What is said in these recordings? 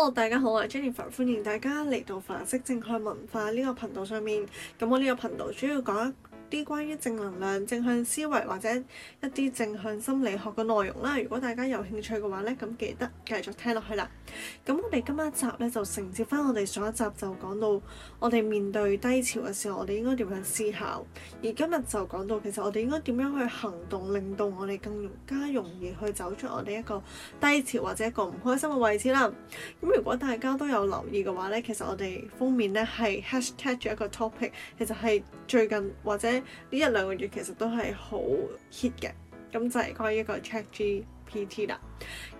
Hello、oh，大家好，我係 Jennifer，歡迎大家嚟到 Fer 式正向文化呢、這個頻道上面。咁我呢個頻道主要講一啲關於正能量、正向思維或者一啲正向心理學嘅內容啦，如果大家有興趣嘅話咧，咁記得繼續聽落去啦。咁我哋今日一集咧就承接翻我哋上一集就講到我哋面對低潮嘅時候，我哋應該點樣思考。而今日就講到其實我哋應該點樣去行動，令到我哋更加容易去走出我哋一個低潮或者一個唔開心嘅位置啦。咁如果大家都有留意嘅話咧，其實我哋封面咧係 hashtag 咗一個 topic，其實係最近或者～呢一兩個月其實都係好 hit 嘅，咁就係關於一個 ChatGPT 啦。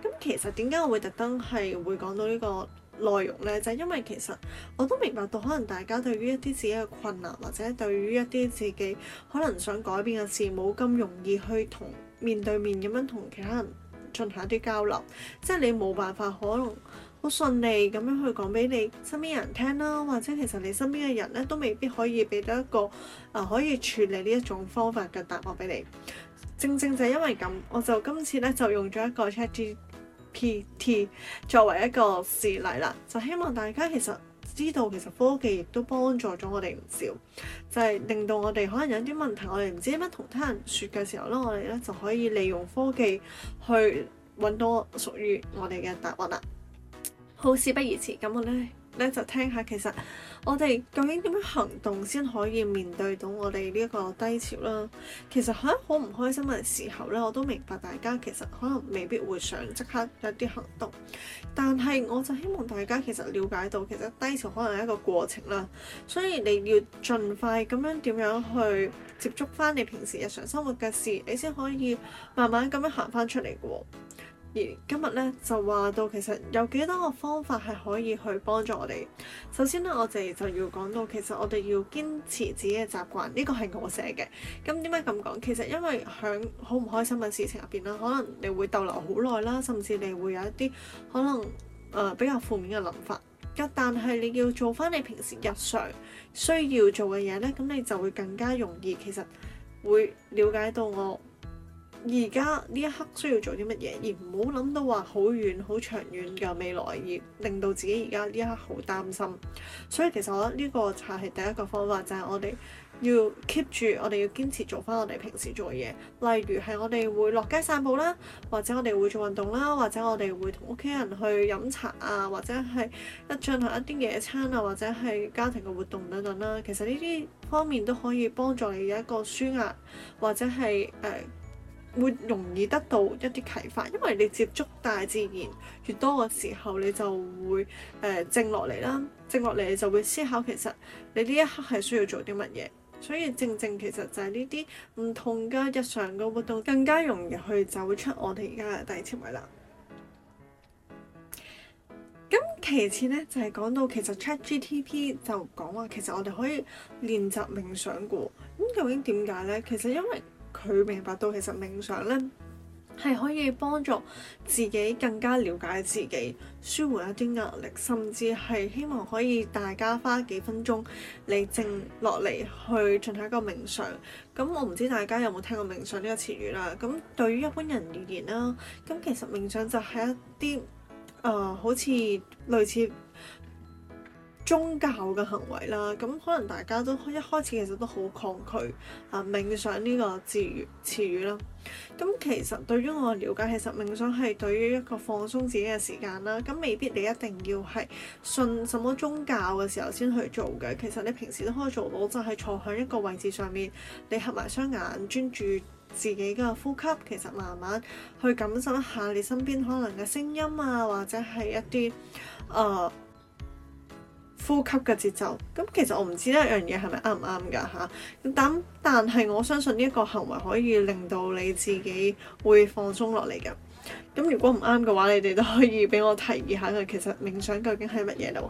咁其實點解我會特登係會講到呢個內容呢？就係因為其實我都明白到，可能大家對於一啲自己嘅困難，或者對於一啲自己可能想改變嘅事，冇咁容易去同面對面咁樣同其他人進行一啲交流，即係你冇辦法可能。好順利咁樣去講俾你身邊人聽啦，或者其實你身邊嘅人咧都未必可以俾到一個啊、呃、可以處理呢一種方法嘅答案俾你。正正就係因為咁，我就今次咧就用咗一個 ChatGPT 作為一個事例啦。就希望大家其實知道其實科技亦都幫助咗我哋唔少，就係、是、令到我哋可能有啲問題，我哋唔知點樣同他人説嘅時候咧，我哋咧就可以利用科技去搵到屬於我哋嘅答案啦。好事不宜遲，咁我咧咧就聽下，其實我哋究竟點樣行動先可以面對到我哋呢個低潮啦？其實喺好唔開心嘅時候咧，我都明白大家其實可能未必會想即刻有啲行動，但係我就希望大家其實了解到，其實低潮可能係一個過程啦，所以你要盡快咁樣點樣去接觸翻你平時日常生活嘅事，你先可以慢慢咁樣行翻出嚟嘅喎。而今日咧就話到，其實有幾多個方法係可以去幫助我哋。首先咧，我哋就要講到，其實我哋要堅持自己嘅習慣。呢、這個係我寫嘅。咁點解咁講？其實因為喺好唔開心嘅事情入邊啦，可能你會逗留好耐啦，甚至你會有一啲可能誒、呃、比較負面嘅諗法。但係你要做翻你平時日常需要做嘅嘢咧，咁你就會更加容易，其實會了解到我。而家呢一刻需要做啲乜嘢，而唔好諗到話好遠好長遠嘅未來，而令到自己而家呢一刻好擔心。所以其實我覺得呢個就係第一個方法，就係、是、我哋要 keep 住我哋要堅持做翻我哋平時做嘅嘢，例如係我哋會落街散步啦，或者我哋會做運動啦，或者我哋會同屋企人去飲茶啊，或者係一進行一啲野餐啊，或者係家庭嘅活動等等啦。其實呢啲方面都可以幫助你有一個舒壓，或者係誒、呃。會容易得到一啲啟發，因為你接觸大自然越多嘅時候，你就會誒靜落嚟啦，靜落嚟你就會思考其實你呢一刻係需要做啲乜嘢，所以正正其實就係呢啲唔同嘅日常嘅活動更加容易去走出我哋而家嘅第二層位啦。咁其次呢，就係、是、講到其實 ChatGTP 就講話其實我哋可以練習冥想嘅，咁究竟點解呢？其實因為佢明白到其實冥想咧係可以幫助自己更加了解自己，舒緩一啲壓力，甚至係希望可以大家花幾分鐘嚟靜落嚟去進行一個冥想。咁我唔知大家有冇聽過冥想呢個詞語啦？咁對於一般人而言啦，咁其實冥想就係一啲誒、呃、好似類似宗教嘅行為啦，咁可能大家都一開始其實都好抗拒啊、呃、冥想呢個字語詞語啦。咁其實對於我嘅了解，其實冥想係對於一個放鬆自己嘅時間啦。咁未必你一定要係信什麼宗教嘅時候先去做嘅。其實你平時都可以做到，就係、是、坐喺一個位置上面，你合埋雙眼，專注自己嘅呼吸。其實慢慢去感受一下你身邊可能嘅聲音啊，或者係一啲誒。呃呼吸嘅節奏，咁其實我唔知呢一樣嘢係咪啱唔啱㗎吓，咁但但係我相信呢一個行為可以令到你自己會放鬆落嚟㗎。咁如果唔啱嘅話，你哋都可以俾我提議下佢。其實冥想究竟係乜嘢度？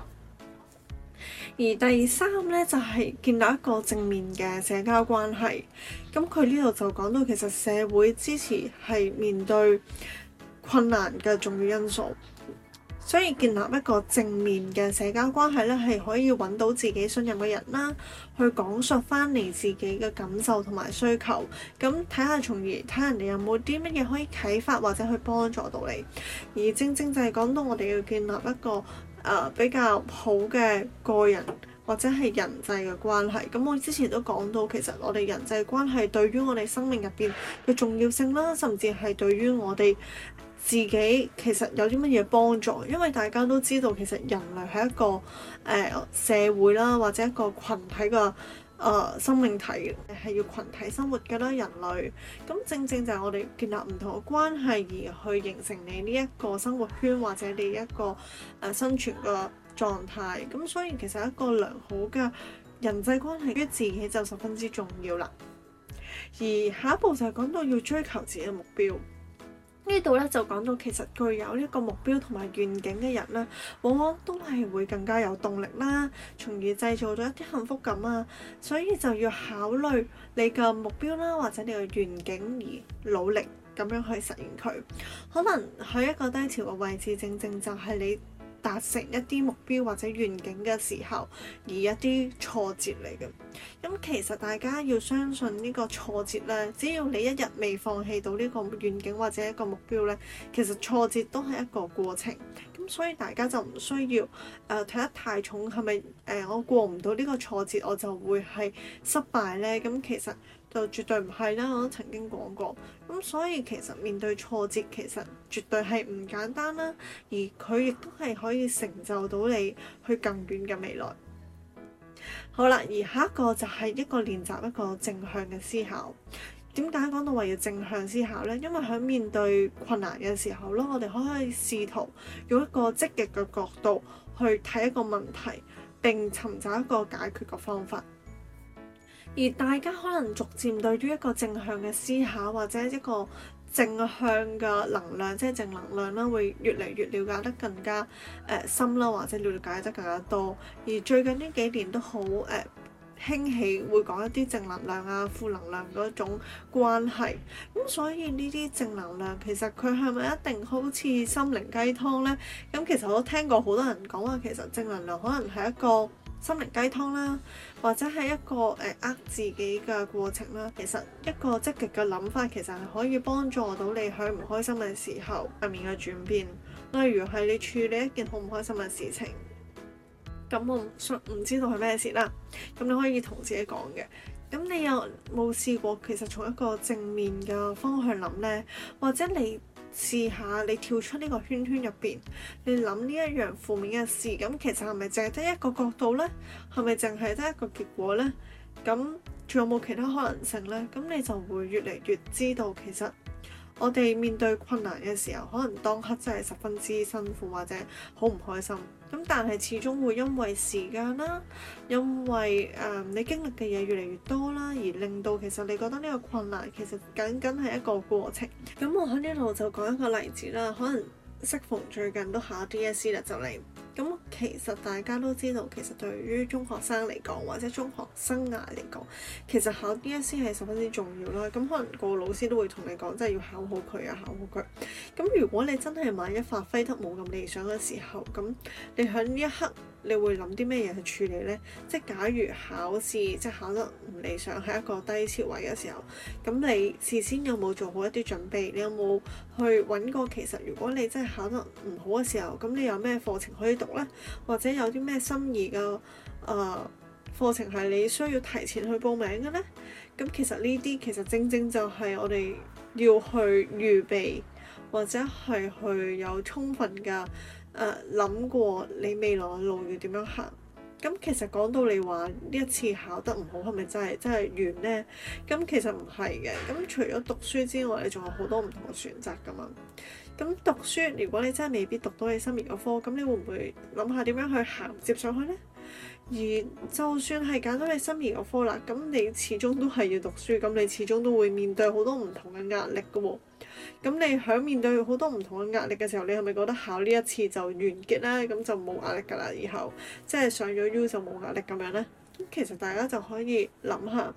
而第三呢，就係建立一個正面嘅社交關係。咁佢呢度就講到其實社會支持係面對困難嘅重要因素。所以建立一個正面嘅社交關係咧，係可以揾到自己信任嘅人啦，去講述翻你自己嘅感受同埋需求，咁睇下從而睇人哋有冇啲乜嘢可以啟發或者去幫助到你。而正正就係講到我哋要建立一個誒、呃、比較好嘅個人或者係人際嘅關係。咁我之前都講到，其實我哋人際關係對於我哋生命入邊嘅重要性啦，甚至係對於我哋。自己其實有啲乜嘢幫助？因為大家都知道，其實人類係一個誒、呃、社會啦，或者一個群體嘅誒、呃、生命體，係要群體生活嘅啦。人類咁正正就係我哋建立唔同嘅關係，而去形成你呢一個生活圈或者你一個誒、呃、生存嘅狀態。咁所以其實一個良好嘅人際關係於自己就十分之重要啦。而下一步就係講到要追求自己嘅目標。呢度咧就講到，其實具有呢個目標同埋願景嘅人咧，往往都係會更加有動力啦，從而製造咗一啲幸福感啊。所以就要考慮你嘅目標啦，或者你嘅願景而努力咁樣去實現佢。可能去一個低潮嘅位置，正正就係你達成一啲目標或者願景嘅時候，而一啲挫折嚟嘅。咁其實大家要相信呢個挫折咧，只要你一日未放棄到呢個願景或者一個目標咧，其實挫折都係一個過程。咁所以大家就唔需要誒、呃、睇得太重，係咪誒，我過唔到呢個挫折我就會係失敗咧？咁其實。就絕對唔係啦，我都曾經講過。咁所以其實面對挫折，其實絕對係唔簡單啦。而佢亦都係可以成就到你去更遠嘅未來。好啦，而下一個就係一個練習一個正向嘅思考。點解講到話要正向思考呢？因為喺面對困難嘅時候咯，我哋可以試圖用一個積極嘅角度去睇一個問題，並尋找一個解決嘅方法。而大家可能逐漸對於一個正向嘅思考，或者一個正向嘅能量，即係正能量啦，會越嚟越了解得更加誒深啦，或者了解得更加多。而最近呢幾年都好誒、呃、興起，會講一啲正能量啊、負能量嗰種關係。咁所以呢啲正能量其實佢係咪一定好似心靈雞湯呢？咁其實我都聽過好多人講話，其實正能量可能係一個。心靈雞湯啦，或者係一個誒，呃，自己嘅過程啦。其實一個積極嘅諗法，其實係可以幫助到你喺唔開心嘅時候入面嘅轉變。例如係你處理一件好唔開心嘅事情，咁我唔唔知道係咩事啦。咁你可以同自己講嘅。咁你又有冇試過其實從一個正面嘅方向諗呢？或者你？試下你跳出呢個圈圈入邊，你諗呢一樣負面嘅事，咁其實係咪淨係得一個角度呢？係咪淨係得一個結果呢？咁仲有冇其他可能性呢？咁你就會越嚟越知道，其實我哋面對困難嘅時候，可能當刻真係十分之辛苦或者好唔開心。咁但係始終會因為時間啦，因為誒、uh，你經歷嘅嘢越嚟越多啦，而令到其實你覺得呢個困難其實僅僅係一個過程。咁我喺呢度就講一個例子啦，可能適逢最近都考 DSE 啦，就嚟。咁其實大家都知道，其實對於中學生嚟講，或者中學生涯嚟講，其實考 DSE 係十分之重要啦。咁可能個老師都會同你講，真係要考好佢啊，考好佢。咁如果你真係萬一發揮得冇咁理想嘅時候，咁你喺呢一刻。你會諗啲咩嘢去處理呢？即係假如考試即係考得唔理想，係一個低潮位嘅時候，咁你事先有冇做好一啲準備？你有冇去揾過其實如果你真係考得唔好嘅時候，咁你有咩課程可以讀呢？或者有啲咩心儀嘅啊課程係你需要提前去報名嘅呢？咁其實呢啲其實正正就係我哋要去預備，或者係去有充分嘅。誒諗、uh, 過你未來嘅路要點樣行？咁其實講到你話呢一次考得唔好，係咪真係真係完呢？咁其實唔係嘅。咁除咗讀書之外，你仲有好多唔同嘅選擇噶嘛？咁讀書如果你真係未必讀到你心儀嘅科，咁你會唔會諗下點樣去銜接上去呢？而就算係揀到你心儀嗰科啦，咁你始終都係要讀書，咁你始終都會面對好多唔同嘅壓力噶喎。咁你喺面對好多唔同嘅壓力嘅時候，你係咪覺得考呢一次就完結咧？咁就冇壓力噶啦，以後即係上咗 U 就冇壓力咁樣咧？咁其實大家就可以諗下，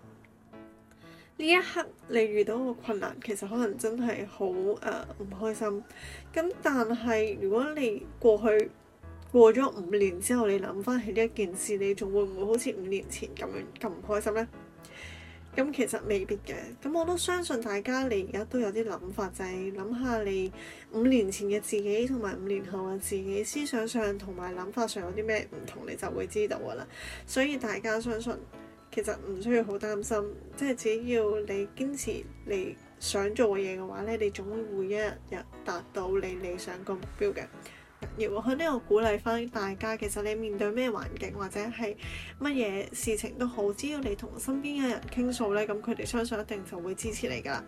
呢一刻你遇到個困難，其實可能真係好誒唔開心。咁但係如果你過去過咗五年之後，你諗翻起呢一件事，你仲會唔會好似五年前咁樣咁唔開心呢？咁其實未必嘅，咁我都相信大家你而家都有啲諗法，就係諗下你五年前嘅自己同埋五年後嘅自己，思想上同埋諗法上有啲咩唔同，你就會知道㗎啦。所以大家相信，其實唔需要好擔心，即係只要你堅持你想做嘅嘢嘅話呢，你總會會一日日達到你理想個目標嘅。如果喺呢度鼓勵返大家，其實你面對咩環境或者係乜嘢事情都好，只要你同身邊嘅人傾訴咧，咁佢哋相信一定就會支持你㗎喇。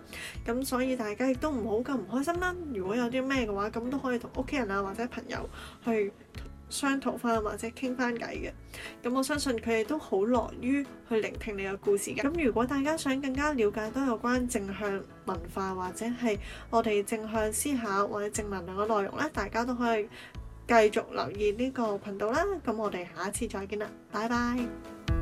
咁所以大家亦都唔好咁唔開心啦。如果有啲咩嘅話，咁都可以同屋企人啊或者朋友去商討翻，或者傾翻偈嘅，咁我相信佢哋都好樂於去聆聽你嘅故事嘅。咁如果大家想更加了解多有關正向文化或者係我哋正向思考或者正能量嘅內容咧，大家都可以繼續留意呢個頻道啦。咁我哋下一次再見啦，拜拜。